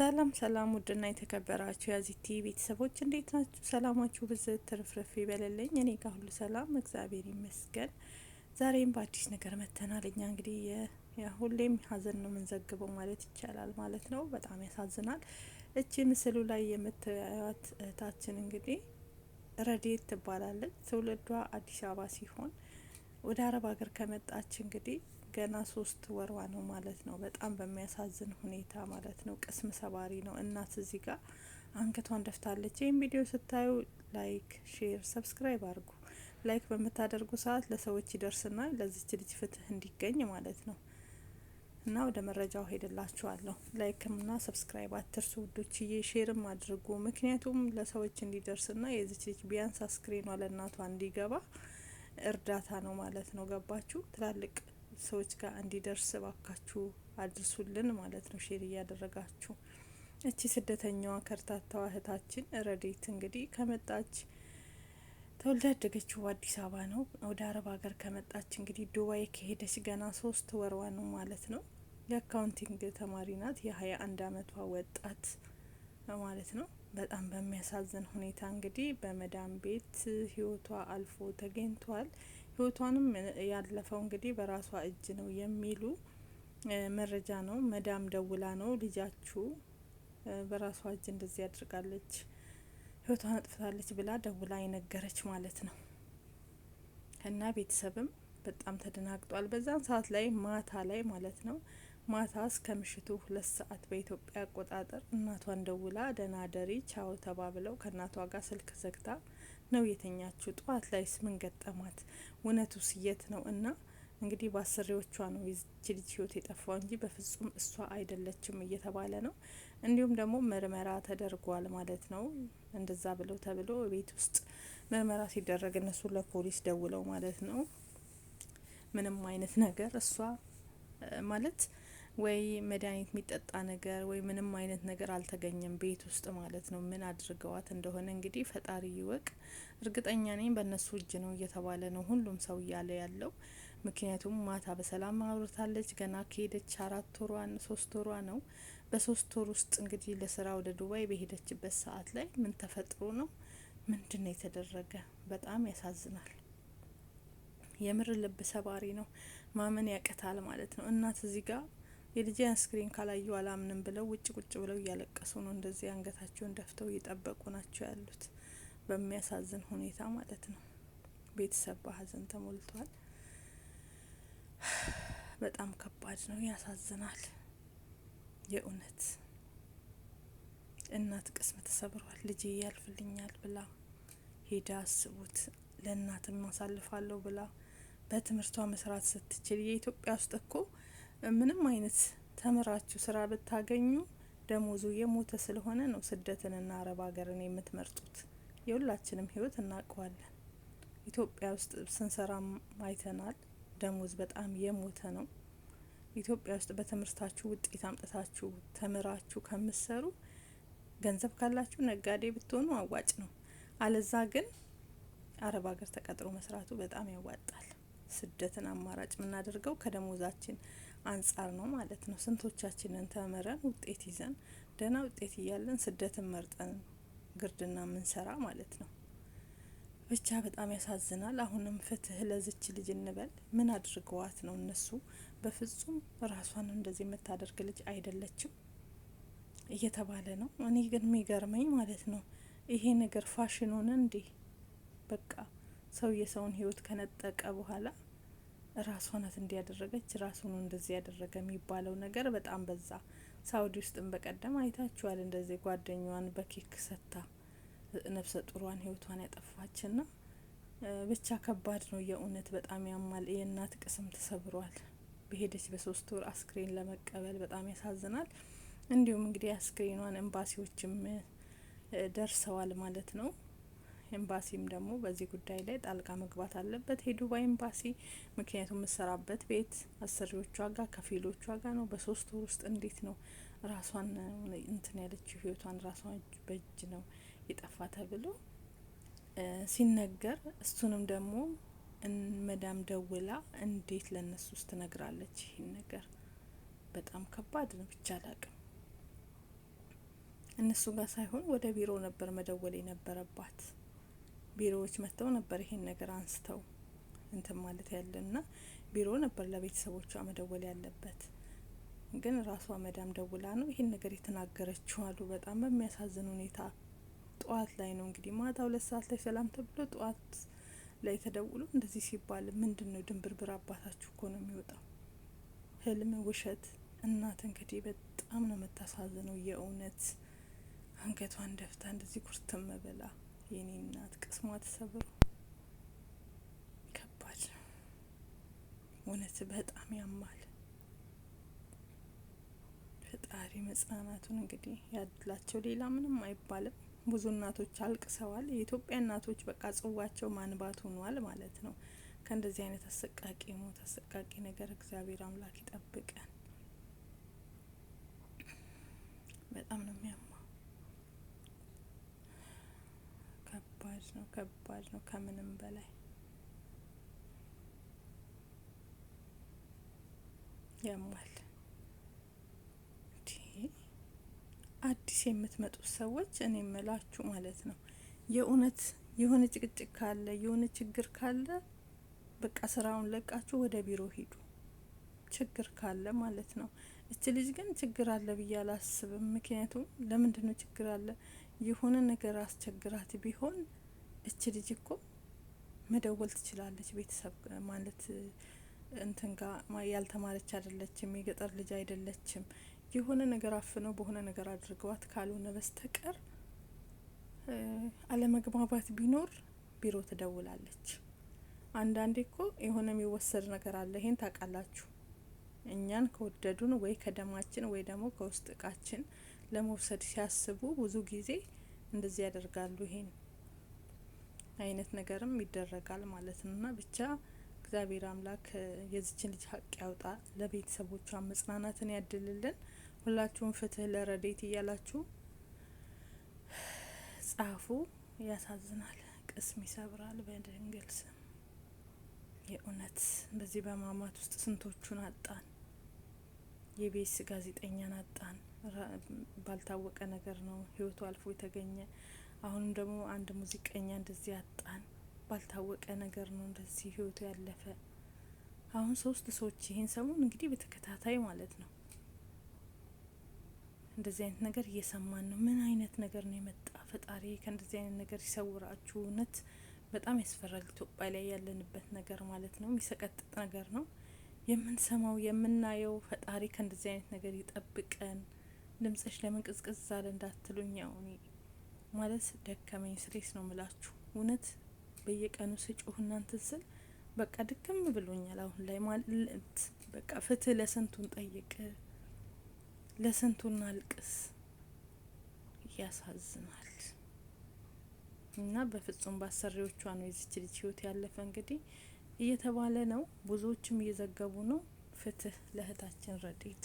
ሰላም ሰላም ውድና የተከበራችሁ የዚቲ ቤተሰቦች እንዴት ናችሁ? ሰላማችሁ ብዝ ትርፍርፍ ይበልልኝ። እኔ ጋር ሁሉ ሰላም እግዚአብሔር ይመስገን። ዛሬም በአዲስ ነገር መጥተናል። እኛ እንግዲህ ሁሌም ሀዘን ነው የምንዘግበው ማለት ይቻላል ማለት ነው። በጣም ያሳዝናል። እቺ ምስሉ ላይ የምታዩት እህታችን እንግዲህ ረዴት ትባላለች። ትውልዷ አዲስ አበባ ሲሆን ወደ አረብ ሀገር ከመጣች እንግዲህ ገና ሶስት ወር ነው ማለት ነው። በጣም በሚያሳዝን ሁኔታ ማለት ነው። ቅስም ሰባሪ ነው። እናት እዚህ ጋር አንገቷን ደፍታለች። ይህም ቪዲዮ ስታዩ ላይክ፣ ሼር፣ ሰብስክራይብ አድርጉ። ላይክ በምታደርጉ ሰዓት ለሰዎች ይደርስና ለዚች ልጅ ፍትህ እንዲገኝ ማለት ነው እና ወደ መረጃው ሄድላችኋለሁ። ላይክምና ሰብስክራይብ አትርሱ ውዶችዬ፣ ሼርም አድርጉ። ምክንያቱም ለሰዎች እንዲደርስና የዚች ልጅ ቢያንስ አስክሬኗ ለእናቷ እንዲገባ እርዳታ ነው ማለት ነው። ገባችሁ? ትላልቅ ሰዎች ጋር እንዲደርስ ባካችሁ አድርሱልን ማለት ነው፣ ሼር እያደረጋችሁ። እቺ ስደተኛዋ ከርታታዋ እህታችን ረዴት እንግዲህ ከመጣች ተወልዳ ያደገችው አዲስ አበባ ነው። ወደ አረብ ሀገር ከመጣች እንግዲህ ዱባይ ከሄደች ገና ሶስት ወርዋ ነው ማለት ነው። የአካውንቲንግ ተማሪ ናት። የሀያ አንድ አመቷ ወጣት ማለት ነው። በጣም በሚያሳዝን ሁኔታ እንግዲህ በመዳን ቤት ህይወቷ አልፎ ተገኝቷል። ህይወቷንም ያለፈው እንግዲህ በራሷ እጅ ነው የሚሉ መረጃ ነው። መዳም ደውላ ነው ልጃችሁ በራሷ እጅ እንደዚህ ያድርጋለች ህይወቷን አጥፍታለች ብላ ደውላ የነገረች ማለት ነው። እና ቤተሰብም በጣም ተደናግጧል። በዛን ሰዓት ላይ ማታ ላይ ማለት ነው ማታ እስከ ምሽቱ ሁለት ሰዓት በኢትዮጵያ አቆጣጠር እናቷን ደውላ ደህና ደሪ ቻው ተባብለው ከእናቷ ጋር ስልክ ዘግታ ነው የተኛችው? ጠዋት ላይስ ምን ገጠማት? እውነቱስ የት ነው? እና እንግዲህ በአሰሪዎቿ ነው የዚች ልጅ ህይወት የጠፋው እንጂ በፍጹም እሷ አይደለችም እየተባለ ነው። እንዲሁም ደግሞ ምርመራ ተደርጓል ማለት ነው። እንደዛ ብለው ተብሎ ቤት ውስጥ ምርመራ ሲደረግ እነሱ ለፖሊስ ደውለው ማለት ነው ምንም አይነት ነገር እሷ ማለት ወይ መድኃኒት የሚጠጣ ነገር ወይ ምንም አይነት ነገር አልተገኘም፣ ቤት ውስጥ ማለት ነው። ምን አድርገዋት እንደሆነ እንግዲህ ፈጣሪ ይወቅ። እርግጠኛ ነኝ በእነሱ እጅ ነው እየተባለ ነው ሁሉም ሰው እያለ ያለው። ምክንያቱም ማታ በሰላም አውርታለች። ገና ከሄደች አራት ወሯን ሶስት ወሯ ነው። በሶስት ወር ውስጥ እንግዲህ ለስራ ወደ ዱባይ በሄደችበት ሰዓት ላይ ምን ተፈጥሮ ነው ምንድን ነው የተደረገ? በጣም ያሳዝናል። የምር ልብ ሰባሪ ነው። ማመን ያቅታል ማለት ነው። እናት እዚህ ጋር የልጄን ስክሪን ካላዩ አላምንም ብለው ውጭ ቁጭ ብለው እያለቀሱ ነው። እንደዚህ አንገታቸውን ደፍተው እየጠበቁ ናቸው ያሉት፣ በሚያሳዝን ሁኔታ ማለት ነው። ቤተሰብ በሀዘን ተሞልቷል። በጣም ከባድ ነው፣ ያሳዝናል። የእውነት እናት ቅስም ተሰብሯል። ልጄ ያልፍልኛል ብላ ሄዳ አስቡት፣ ለእናትም አሳልፋለሁ ብላ በትምህርቷ መስራት ስትችል የኢትዮጵያ ውስጥ እኮ ምንም አይነት ተምራችሁ ስራ ብታገኙ ደሞዙ የሞተ ስለሆነ ነው ስደትንና አረብ ሀገርን የምትመርጡት። የሁላችንም ህይወት እናውቀዋለን። ኢትዮጵያ ውስጥ ስንሰራ አይተናል። ደሞዝ በጣም የሞተ ነው። ኢትዮጵያ ውስጥ በትምህርታችሁ ውጤት አምጥታችሁ ተምራችሁ ከምትሰሩ ገንዘብ ካላችሁ ነጋዴ ብትሆኑ አዋጭ ነው። አለዛ ግን አረብ ሀገር ተቀጥሮ መስራቱ በጣም ያዋጣል። ስደትን አማራጭ የምናደርገው ከደሞዛችን አንጻር ነው ማለት ነው። ስንቶቻችንን ተምረን ውጤት ይዘን ደህና ውጤት እያለን ስደትን መርጠን ግርድና ምንሰራ ማለት ነው። ብቻ በጣም ያሳዝናል። አሁንም ፍትህ ለዝች ልጅ እንበል። ምን አድርገዋት ነው እነሱ? በፍጹም ራሷን እንደዚህ የምታደርግ ልጅ አይደለችም እየተባለ ነው። እኔ ግን የሚገርመኝ ማለት ነው ይሄ ነገር ፋሽን ሆነ እንዴ? በቃ ሰው የሰውን ህይወት ከነጠቀ በኋላ ራሷናት እንዲያደረገች ራሱን እንደዚህ ያደረገ የሚባለው ነገር በጣም በዛ። ሳውዲ ውስጥም በቀደም አይታችኋል፣ እንደዚህ ጓደኛዋን በኬክ ሰታ ነፍሰ ጡሯን ህይወቷን ያጠፋችና ብቻ ከባድ ነው የእውነት በጣም ያማል። የእናት ቅስም ተሰብሯል። በሄደች በሶስት ወር አስክሬን ለመቀበል በጣም ያሳዝናል። እንዲሁም እንግዲህ አስክሬኗን ኤምባሲዎችም ደርሰዋል ማለት ነው። ኤምባሲም ደግሞ በዚህ ጉዳይ ላይ ጣልቃ መግባት አለበት የዱባይ ኤምባሲ። ምክንያቱም የምሰራበት ቤት አሰሪዎቿ ጋር ከፊሎቿ ጋር ነው። በሶስት ወር ውስጥ እንዴት ነው ራሷን እንትን ያለችው ህይወቷን ራሷን በእጅ ነው የጠፋ ተብሎ ሲነገር እሱንም ደግሞ መዳም ደውላ እንዴት ለእነሱ ውስጥ ትነግራለች ይህን ነገር በጣም ከባድ ነው። ብቻ አላቅም እነሱ ጋር ሳይሆን ወደ ቢሮ ነበር መደወል የነበረባት። ቢሮዎች መጥተው ነበር ይሄን ነገር አንስተው እንትን ማለት ያለና ቢሮ ነበር ለቤተሰቦቿ መደወል ያለበት ግን ራሷ መዳም ደውላ ነው ይሄን ነገር የተናገረችው አሉ። በጣም በሚያሳዝን ሁኔታ ጠዋት ላይ ነው እንግዲህ ማታ ሁለት ሰዓት ላይ ሰላም ተብሎ ጠዋት ላይ ተደውሎ እንደዚህ ሲባል ምንድን ነው ድንብርብር አባታችሁ እኮ ነው የሚወጣው። ህልም ውሸት። እናት እንግዲህ በጣም ነው የምታሳዝነው የእውነት አንገቷን ደፍታ እንደዚህ ኩርትም ብላ የኔና ቅስሟ ተሰብሮ ከባድ ነው እውነት፣ በጣም ያማል። ፈጣሪ መጽናናቱን እንግዲህ ያድላቸው። ሌላ ምንም አይባልም። ብዙ እናቶች አልቅሰዋል። የኢትዮጵያ እናቶች በቃ ጽዋቸው ማንባት ሆኗል ማለት ነው። ከእንደዚህ አይነት አሰቃቂ ሞት፣ አሰቃቂ ነገር እግዚአብሔር አምላክ ይጠብቀን። በጣም ነው የሚያም ከባድ ነው፣ ከባድ ነው ከምንም በላይ ያሟል። አዲስ የምትመጡት ሰዎች እኔ የምላችሁ ማለት ነው የእውነት የሆነ ጭቅጭቅ ካለ የሆነ ችግር ካለ በቃ ስራውን ለቃችሁ ወደ ቢሮ ሂዱ፣ ችግር ካለ ማለት ነው። እች ልጅ ግን ችግር አለ ብዬ አላስብም። ምክንያቱም ለምንድን ነው ችግር አለ የሆነ ነገር አስቸግራት ቢሆን እች ልጅ እኮ መደወል ትችላለች። ቤተሰብ ማለት እንትን ጋ ያልተማረች አይደለችም፣ የገጠር ልጅ አይደለችም። የሆነ ነገር አፍነው በሆነ ነገር አድርገዋት ካልሆነ በስተቀር አለመግባባት ቢኖር ቢሮ ትደውላለች። አንዳንዴ እኮ የሆነ የሚወሰድ ነገር አለ። ይሄን ታውቃላችሁ። እኛን ከወደዱን ወይ ከደማችን ወይ ደግሞ ከውስጥ እቃችን ለመውሰድ ሲያስቡ ብዙ ጊዜ እንደዚህ ያደርጋሉ። ይሄን አይነት ነገርም ይደረጋል ማለት ነው እና ብቻ እግዚአብሔር አምላክ የዚችን ልጅ ሀቅ ያውጣ፣ ለቤተሰቦቿ መጽናናትን ያድልልን። ሁላችሁም ፍትህ ለረዴት እያላችሁ ጻፉ። ያሳዝናል፣ ቅስም ይሰብራል። በድንግል ስም የእውነት በዚህ በማማት ውስጥ ስንቶቹን አጣን። የቤስ ጋዜጠኛን አጣን። ባልታወቀ ነገር ነው ህይወቱ አልፎ የተገኘ። አሁንም ደግሞ አንድ ሙዚቀኛ እንደዚህ አጣን። ባልታወቀ ነገር ነው እንደዚህ ህይወቱ ያለፈ። አሁን ሶስት ሰዎች ይህን ሰሞን እንግዲህ በተከታታይ ማለት ነው እንደዚህ አይነት ነገር እየሰማን ነው። ምን አይነት ነገር ነው የመጣ? ፈጣሪ ከእንደዚህ አይነት ነገር ይሰውራችሁ። እውነት በጣም ያስፈራል። ኢትዮጵያ ላይ ያለንበት ነገር ማለት ነው የሚሰቀጥጥ ነገር ነው። የምንሰማው የምናየው። ፈጣሪ ከእንደዚህ አይነት ነገር ይጠብቀን። ድምጽሽ ለምን ቅዝቅዝ አለ እንዳትሉኝ። ያውኒ ማለት ደከመኝ ስሬስ ነው ምላችሁ። እውነት በየቀኑ ስጩሁ እናንተ ስል በቃ ድክም ብሎኛል። አሁን ላይ ማለት በቃ ፍትህ ለስንቱን ጠይቅ ለስንቱን አልቅስ። ያሳዝናል። እና በፍጹም ባሰሪዎቿ ነው የዚች ልጅ ህይወት ያለፈ እንግዲህ እየተባለ ነው። ብዙዎችም እየዘገቡ ነው። ፍትህ ለእህታችን ረዲት